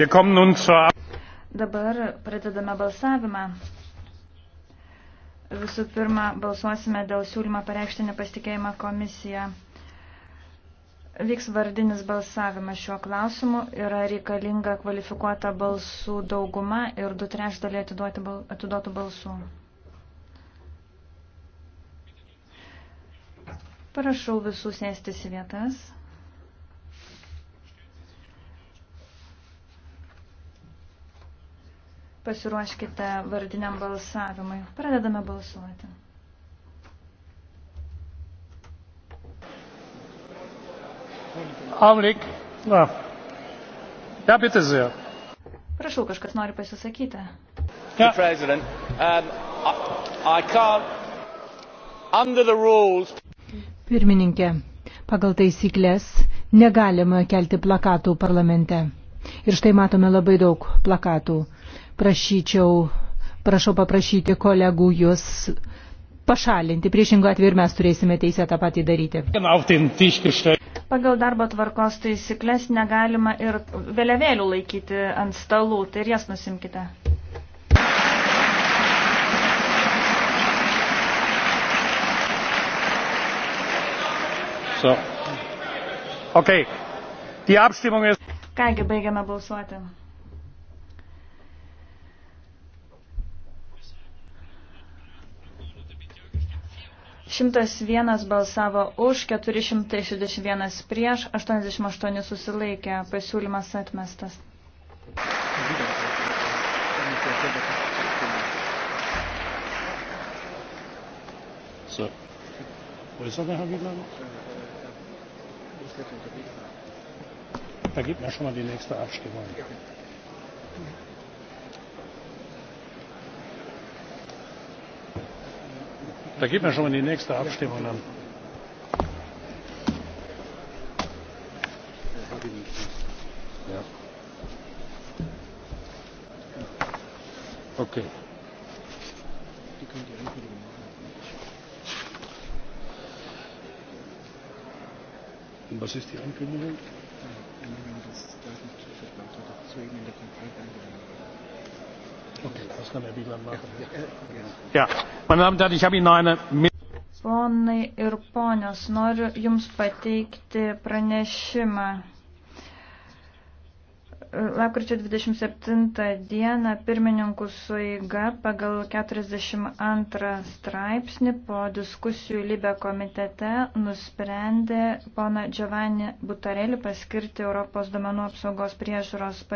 Dabar pradedame balsavimą. Visų pirma, balsuosime dėl siūlymą pareikšti nepasitikėjimą komisiją. Vyks vardinis balsavimas šiuo klausimu. Yra reikalinga kvalifikuota balsų dauguma ir du trešdaliai bal, atiduotų balsų. Parašau visus sėstis į vietas. Pasiruoškite vardiniam balsavimui. Pradedame balsuoti. Augenblick. Na. Ja, bitte sehr. Prašau, kažkas nori pasisakyti. Ja. President, um, I, I can't, under the rules... Pirmininkė, pagal taisyklės negalima kelti plakatų parlamente. Ir štai matome labai daug plakatų prašyčiau, prašau paprašyti kolegų jūs pašalinti. Priešingo atveju ir mes turėsime teisę tą patį daryti. Pagal darbo tvarkos taisyklės negalima ir vėliavėlių laikyti ant stalų, tai ir jas nusimkite. So. Okay. Die Abstimmung ist. Kągi, baigiame balsuoti. 101 balsavo už, 461 prieš, 88 susilaikė, pasiūlymas atmestas. So. Wo ist er, Herr Wiedmann? Da gibt mir schon mal die nächste Abstimmung. Ja. da geht man schon in die nächste abstimmung dann. Okay. Und was ist die Ankündigung? Änderung des Datenschutzvertrags oder zu ihm in der Konferenz angenommen. Er Ponai ir ponios, noriu Jums pateikti pranešimą. Lapkričio 27 dieną pirmininkų suiga pagal 42 straipsnį po diskusijų Libė komitete nusprendė pona Giovanni Butarelį paskirti Europos domenų apsaugos priežiūros pareigūnų.